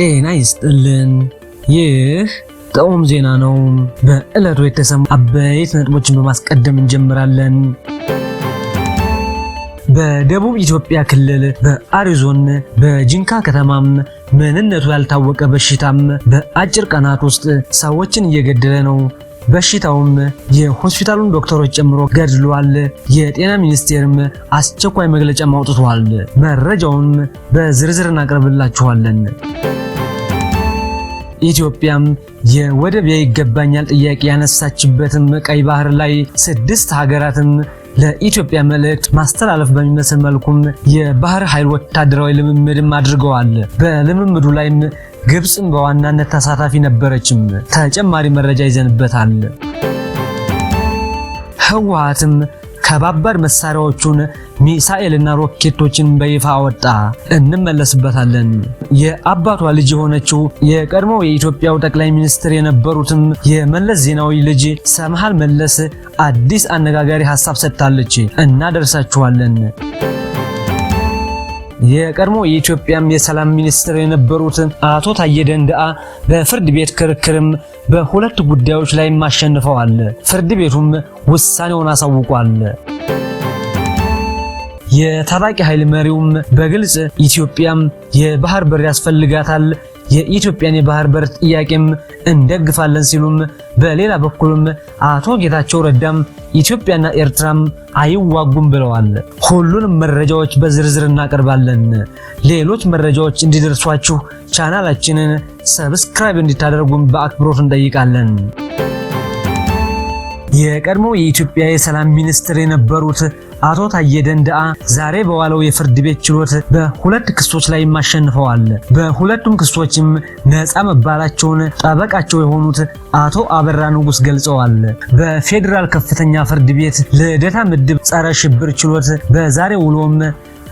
ጤና ይስጥልን። ይህ ጥዑም ዜና ነው። በዕለቱ የተሰሙ አበይት ነጥቦችን በማስቀደም እንጀምራለን። በደቡብ ኢትዮጵያ ክልል በአሪዞን ዞን በጂንካ ከተማም ምንነቱ ያልታወቀ በሽታም በአጭር ቀናት ውስጥ ሰዎችን እየገደለ ነው። በሽታውም የሆስፒታሉን ዶክተሮች ጨምሮ ገድሏል። የጤና ሚኒስቴርም አስቸኳይ መግለጫም አውጥቷል። መረጃውም በዝርዝር እናቀርብላችኋለን። ኢትዮጵያም የወደብ የይገባኛል ጥያቄ ያነሳችበትን ቀይ ባህር ላይ ስድስት ሀገራትም ለኢትዮጵያ መልእክት ማስተላለፍ በሚመስል መልኩም የባህር ኃይል ወታደራዊ ልምምድም አድርገዋል። በልምምዱ ላይም ግብፅም በዋናነት ተሳታፊ ነበረችም። ተጨማሪ መረጃ ይዘንበታል። ህወሓትም ከባባድ መሳሪያዎቹን ሚሳኤልና ሮኬቶችን በይፋ አወጣ። እንመለስበታለን። የአባቷ ልጅ የሆነችው የቀድሞው የኢትዮጵያው ጠቅላይ ሚኒስትር የነበሩትም የመለስ ዜናዊ ልጅ ሰምሃል መለስ አዲስ አነጋጋሪ ሀሳብ ሰጥታለች። እናደርሳችኋለን። የቀድሞ የኢትዮጵያም የሰላም ሚኒስትር የነበሩትን አቶ ታዬ ደንደአ በፍርድ ቤት ክርክርም በሁለት ጉዳዮች ላይ አሸንፈዋል። ፍርድ ቤቱም ውሳኔውን አሳውቋል። የታጣቂ ኃይል መሪውም በግልጽ ኢትዮጵያም የባህር በር ያስፈልጋታል የኢትዮጵያን የባህር በር ጥያቄም እንደግፋለን ሲሉም፣ በሌላ በኩልም አቶ ጌታቸው ረዳም ኢትዮጵያና ኤርትራም አይዋጉም ብለዋል። ሁሉንም መረጃዎች በዝርዝር እናቀርባለን። ሌሎች መረጃዎች እንዲደርሷችሁ ቻናላችንን ሰብስክራይብ እንዲታደርጉም በአክብሮት እንጠይቃለን። የቀድሞ የኢትዮጵያ የሰላም ሚኒስትር የነበሩት አቶ ታዬ ደንደአ ዛሬ በዋለው የፍርድ ቤት ችሎት በሁለት ክሶች ላይ አሸንፈዋል። በሁለቱም ክሶችም ነፃ መባላቸውን ጠበቃቸው የሆኑት አቶ አበራ ንጉስ ገልጸዋል። በፌዴራል ከፍተኛ ፍርድ ቤት ልደታ ምድብ ጸረ ሽብር ችሎት በዛሬ ውሎም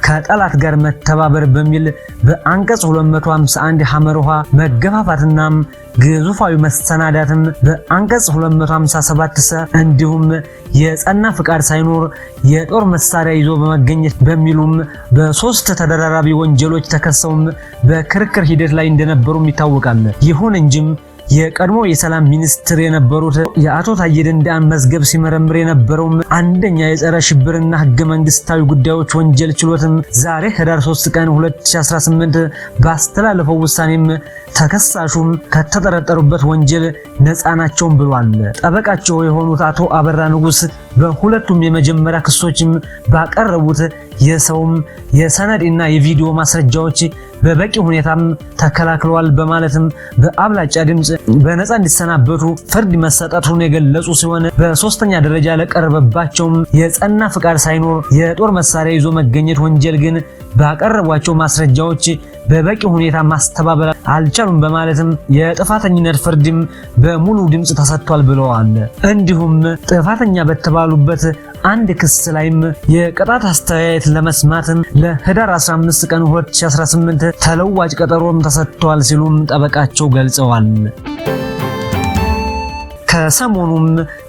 ከጠላት ጋር መተባበር በሚል በአንቀጽ 251 ሐመር ውሃ መገፋፋትናም ግዙፋዊ መሰናዳትም በአንቀጽ 257 ሰ እንዲሁም የጸና ፍቃድ ሳይኖር የጦር መሳሪያ ይዞ በመገኘት በሚሉም በሶስት ተደራራቢ ወንጀሎች ተከሰውም በክርክር ሂደት ላይ እንደነበሩም ይታወቃል። ይሁን እንጂም የቀድሞ የሰላም ሚኒስትር የነበሩት የአቶ ታዬ ደንደአን መዝገብ ሲመረምር የነበረው አንደኛ የጸረ ሽብርና ህገ መንግስታዊ ጉዳዮች ወንጀል ችሎትም ዛሬ ህዳር 3 ቀን 2018 ባስተላለፈው ውሳኔም ተከሳሹም ከተጠረጠሩበት ወንጀል ነፃ ናቸውም ብሏል። ጠበቃቸው የሆኑት አቶ አበራ ንጉስ በሁለቱም የመጀመሪያ ክሶችም ባቀረቡት የሰውም የሰነድ እና የቪዲዮ ማስረጃዎች በበቂ ሁኔታም ተከላክለዋል በማለትም በአብላጫ ድምፅ በነፃ እንዲሰናበቱ ፍርድ መሰጠቱን የገለጹ ሲሆን በሶስተኛ ደረጃ ለቀረበባቸውም የጸና ፍቃድ ሳይኖር የጦር መሳሪያ ይዞ መገኘት ወንጀል ግን ባቀረቧቸው ማስረጃዎች በበቂ ሁኔታ ማስተባበር አልቻሉም በማለትም የጥፋተኝነት ፍርድም በሙሉ ድምፅ ተሰጥቷል ብለዋል። እንዲሁም ጥፋተኛ በተባሉበት አንድ ክስ ላይም የቅጣት አስተያየት ለመስማትም ለህዳር 15 ቀን 2018 ተለዋጭ ቀጠሮም ተሰጥቷል ሲሉም ጠበቃቸው ገልጸዋል። ከሰሞኑም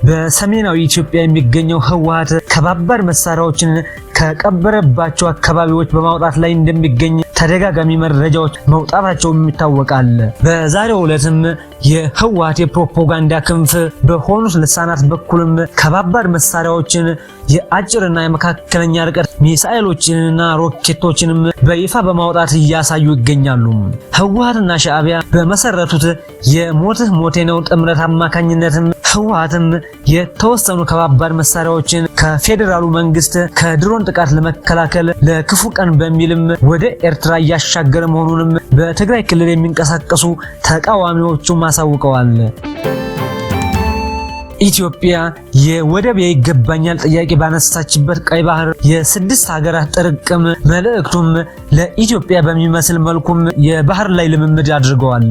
በሰሜናዊ ኢትዮጵያ የሚገኘው ህወሓት ከባባድ መሳሪያዎችን ከቀበረባቸው አካባቢዎች በማውጣት ላይ እንደሚገኝ ተደጋጋሚ መረጃዎች መውጣታቸውም ይታወቃል። በዛሬው ዕለትም የህወሓት የፕሮፓጋንዳ ክንፍ በሆኑት ልሳናት በኩልም ከባባድ መሳሪያዎችን የአጭርና የመካከለኛ ርቀት ሚሳኤሎችንና ሮኬቶችንም በይፋ በማውጣት እያሳዩ ይገኛሉ። ህወሓትና ሻዕቢያ በመሰረቱት የሞትህ ሞቴ ነው ጥምረት አማካኝነትም ህወሓትም የተወሰኑ ከባባድ መሳሪያዎችን ከፌዴራሉ መንግስት ከድሮን ጥቃት ለመከላከል ለክፉ ቀን በሚልም ወደ ኤርትራ እያሻገረ መሆኑንም በትግራይ ክልል የሚንቀሳቀሱ ተቃዋሚዎቹም አሳውቀዋል። ኢትዮጵያ የወደብ ይገባኛል ጥያቄ ባነሳችበት ቀይ ባህር የስድስት ሀገራት ጥርቅም መልእክቱም ለኢትዮጵያ በሚመስል መልኩም የባህር ላይ ልምምድ አድርገዋል።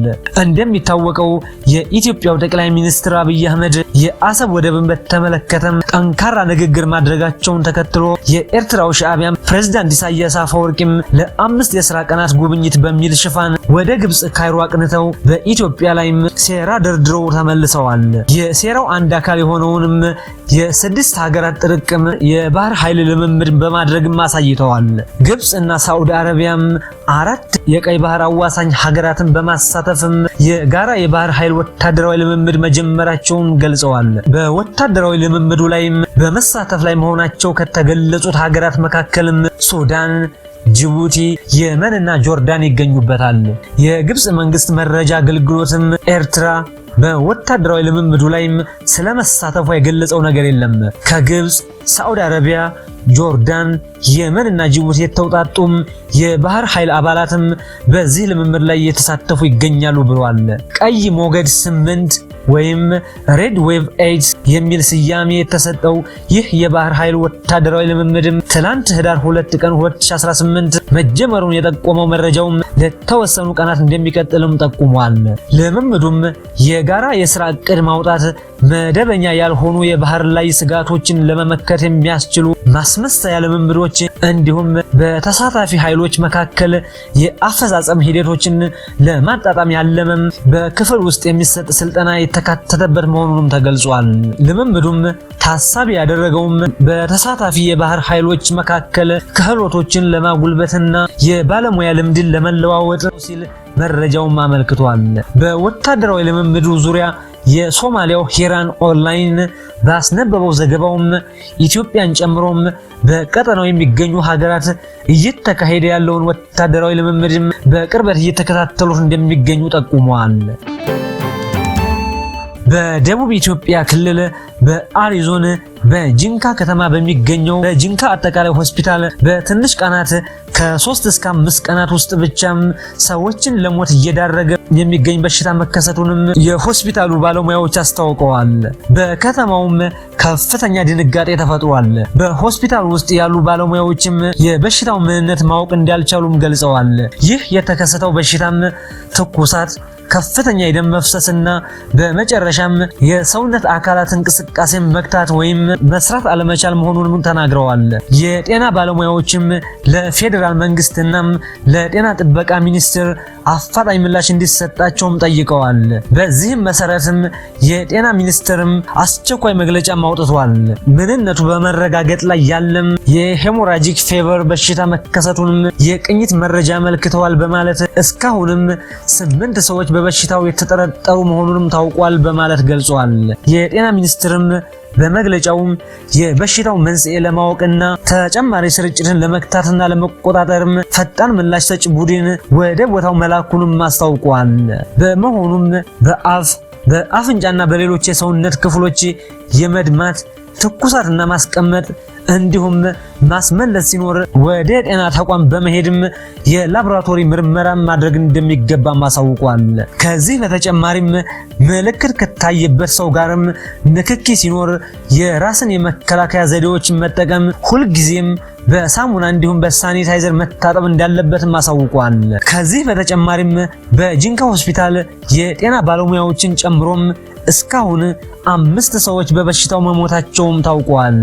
እንደሚታወቀው የኢትዮጵያው ጠቅላይ ሚኒስትር አብይ አህመድ የአሰብ ወደብን በተመለከተም ጠንካራ ንግግር ማድረጋቸውን ተከትሎ የኤርትራው ሻዕቢያም ፕሬዝዳንት ኢሳያስ አፈወርቂም ለአምስት የስራ ቀናት ጉብኝት በሚል ሽፋን ወደ ግብጽ ካይሮ አቅንተው በኢትዮጵያ ላይም ሴራ ደርድረው ተመልሰዋል። የሴራው አንድ አካል የሆነውንም የስድስት ሀገራት ጥርቅም የባህር ኃይል ልምምድ በማድረግም አሳይተዋል። ግብጽ እና ሳዑዲ አረቢያም አራት የቀይ ባህር አዋሳኝ ሀገራትን በማሳተፍም የጋራ የባህር ኃይል ወታደራዊ ልምምድ መጀመራቸውን ገልጸዋል። በወታደራዊ ልምምዱ ላይም በመሳተፍ ላይ መሆናቸው ከተገለጹት ሀገራት መካከልም ሱዳን፣ ጅቡቲ፣ የመንና ጆርዳን ይገኙበታል። የግብፅ መንግስት መረጃ አገልግሎትም ኤርትራ በወታደራዊ ልምምዱ ላይም ስለመሳተፏ የገለጸው ነገር የለም። ከግብፅ፣ ሳዑዲ አረቢያ፣ ጆርዳን፣ የመን እና ጅቡቲ የተውጣጡም የባህር ኃይል አባላትም በዚህ ልምምድ ላይ የተሳተፉ ይገኛሉ ብለዋል። ቀይ ሞገድ ስምንት ወይም ሬድ ዌቭ 8 የሚል ስያሜ የተሰጠው ይህ የባህር ኃይል ወታደራዊ ልምምድም ትላንት ህዳር 2 ቀን 2018 መጀመሩን የጠቆመው መረጃውም ለተወሰኑ ቀናት እንደሚቀጥልም ጠቁሟል። ልምምዱም የጋራ የስራ እቅድ ማውጣት፣ መደበኛ ያልሆኑ የባህር ላይ ስጋቶችን ለመመከት የሚያስችሉ ማስመሰያ ልምምዶች፣ እንዲሁም በተሳታፊ ኃይሎች መካከል የአፈጻጸም ሂደቶችን ለማጣጣም ያለመም በክፍል ውስጥ የሚሰጥ ስልጠና የተካተተበት መሆኑንም ተገልጿል። ልምምዱም ታሳቢ ያደረገውም በተሳታፊ የባህር ኃይሎች መካከል ክህሎቶችን ለማጉልበትና የባለሙያ ልምድን ለመለዋወጥ ሲል መረጃውም አመልክቷል። በወታደራዊ ልምምዱ ዙሪያ የሶማሊያው ሂራን ኦንላይን ባስነበበው ዘገባውም ኢትዮጵያን ጨምሮም በቀጠናው የሚገኙ ሀገራት እየተካሄደ ያለውን ወታደራዊ ልምምድም በቅርበት እየተከታተሉት እንደሚገኙ ጠቁመዋል። በደቡብ ኢትዮጵያ ክልል በአሪዞን በጅንካ በጂንካ ከተማ በሚገኘው በጂንካ አጠቃላይ ሆስፒታል በትንሽ ቀናት ከሶስት እስከ አምስት ቀናት ውስጥ ብቻም ሰዎችን ለሞት እየዳረገ የሚገኝ በሽታ መከሰቱንም የሆስፒታሉ ባለሙያዎች አስታውቀዋል። በከተማውም ከፍተኛ ድንጋጤ ተፈጥሯል። በሆስፒታሉ ውስጥ ያሉ ባለሙያዎችም የበሽታው ምንነት ማወቅ እንዳልቻሉም ገልጸዋል። ይህ የተከሰተው በሽታም ትኩሳት ከፍተኛ የደም መፍሰስና በመጨረሻም የሰውነት አካላት እንቅስቃሴን መግታት ወይም መስራት አለመቻል መሆኑንም ተናግረዋል። የጤና ባለሙያዎችም ለፌዴራል መንግስትና ለጤና ጥበቃ ሚኒስቴር አፋጣኝ ምላሽ እንዲሰጣቸውም ጠይቀዋል። በዚህም መሰረትም የጤና ሚኒስቴርም አስቸኳይ መግለጫ አውጥቷል። ምንነቱ በመረጋገጥ ላይ ያለም የሄሞራጂክ ፌቨር በሽታ መከሰቱንም የቅኝት መረጃ አመልክተዋል በማለት እስካሁንም ስምንት ሰዎች በበሽታው የተጠረጠሩ መሆኑንም ታውቋል በማለት ገልጿል። የጤና ሚኒስትርም በመግለጫውም የበሽታው መንስኤ ለማወቅና ተጨማሪ ስርጭትን ለመግታትና ለመቆጣጠርም ፈጣን ምላሽ ሰጭ ቡድን ወደ ቦታው መላኩንም አስታውቋል። በመሆኑም በአፍ በአፍንጫና በሌሎች የሰውነት ክፍሎች የመድማት ትኩሳትና ማስቀመጥ እንዲሁም ማስመለስ ሲኖር ወደ ጤና ተቋም በመሄድም የላቦራቶሪ ምርመራ ማድረግ እንደሚገባ ማሳውቋል። ከዚህ በተጨማሪም ምልክት ከታየበት ሰው ጋርም ንክኪ ሲኖር የራስን የመከላከያ ዘዴዎችን መጠቀም ሁልጊዜም በሳሙና እንዲሁም በሳኒታይዘር መታጠብ እንዳለበት አሳውቋል። ከዚህ በተጨማሪም በጂንካ ሆስፒታል የጤና ባለሙያዎችን ጨምሮም እስካሁን አምስት ሰዎች በበሽታው መሞታቸውም ታውቋል።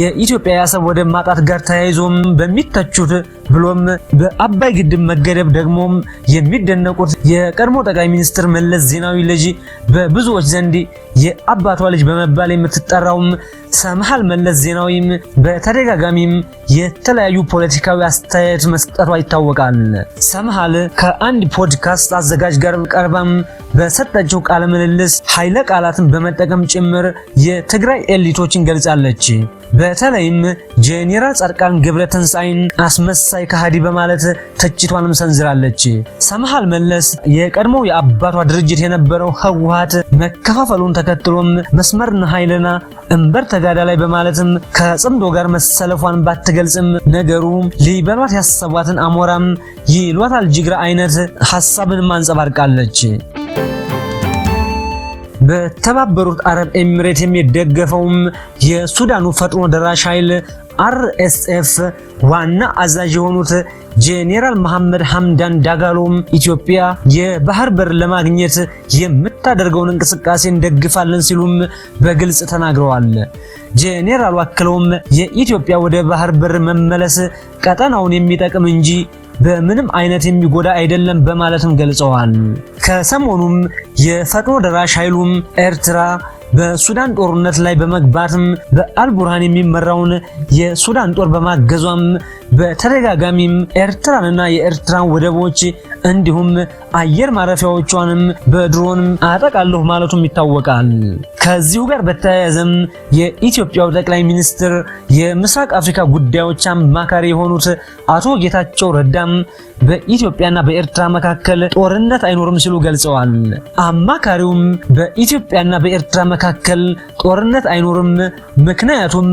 የኢትዮጵያ የአሰብ ወደብ ማጣት ጋር ተያይዞም በሚተቹት ብሎም በአባይ ግድብ መገደብ ደግሞም የሚደነቁት የቀድሞ ጠቅላይ ሚኒስትር መለስ ዜናዊ ልጅ በብዙዎች ዘንድ የአባቷ ልጅ በመባል የምትጠራውም ሰምሃል መለስ ዜናዊም በተደጋጋሚም የተለያዩ ፖለቲካዊ አስተያየት መስጠቷ ይታወቃል። ሰምሃል ከአንድ ፖድካስት አዘጋጅ ጋር ቀርባም በሰጠችው ቃለ ምልልስ ኃይለ ቃላትን በመጠቀም ጭምር የትግራይ ኤሊቶችን ገልጻለች። በተለይም ጄኔራል ጻድቃን ገብረተንሳይን አስመሳይ ከሃዲ በማለት ትችቷንም ሰንዝራለች። ሰምሃል መለስ የቀድሞ የአባቷ ድርጅት የነበረው ህወሓት መከፋፈሉን ተከትሎም መስመርና ኃይልና እንበር ተጋዳ ላይ በማለትም ከጽምዶ ጋር መሰለፏን ባትገልጽም ነገሩ ሊበሏት ያሰቧትን አሞራም ይሏታል ጅግራ አይነት ሀሳብን አንጸባርቃለች። በተባበሩት አረብ ኤሚሬት የሚደገፈውም የሱዳኑ ፈጥኖ ደራሽ ኃይል አርኤስኤፍ ዋና አዛዥ የሆኑት ጄኔራል መሐመድ ሐምዳን ዳጋሎም ኢትዮጵያ የባህር በር ለማግኘት የምታደርገውን እንቅስቃሴ እንደግፋለን ሲሉም በግልጽ ተናግረዋል። ጄኔራሉ አክለውም የኢትዮጵያ ወደ ባህር በር መመለስ ቀጠናውን የሚጠቅም እንጂ በምንም አይነት የሚጎዳ አይደለም በማለትም ገልጸዋል። ከሰሞኑም የፈጥኖ ደራሽ ኃይሉም ኤርትራ በሱዳን ጦርነት ላይ በመግባትም በአልቡርሃን የሚመራውን የሱዳን ጦር በማገዟም በተደጋጋሚም ኤርትራንና የኤርትራን ወደቦች እንዲሁም አየር ማረፊያዎቿንም በድሮን አጠቃለሁ ማለቱም ይታወቃል። ከዚሁ ጋር በተያያዘም የኢትዮጵያው ጠቅላይ ሚኒስትር የምስራቅ አፍሪካ ጉዳዮች አማካሪ የሆኑት አቶ ጌታቸው ረዳም በኢትዮጵያና በኤርትራ መካከል ጦርነት አይኖርም ሲሉ ገልጸዋል። አማካሪውም በኢትዮጵያና በኤርትራ መካከል ጦርነት አይኖርም፣ ምክንያቱም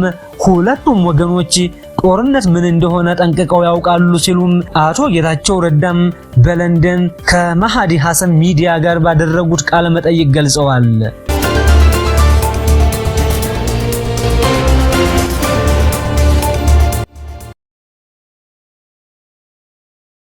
ሁለቱም ወገኖች ጦርነት ምን እንደሆነ ጠንቅቀው ያውቃሉ ሲሉም አቶ ጌታቸው ረዳም በለንደን ከማሃዲ ሐሰን ሚዲያ ጋር ባደረጉት ቃለ መጠይቅ ገልጸዋል።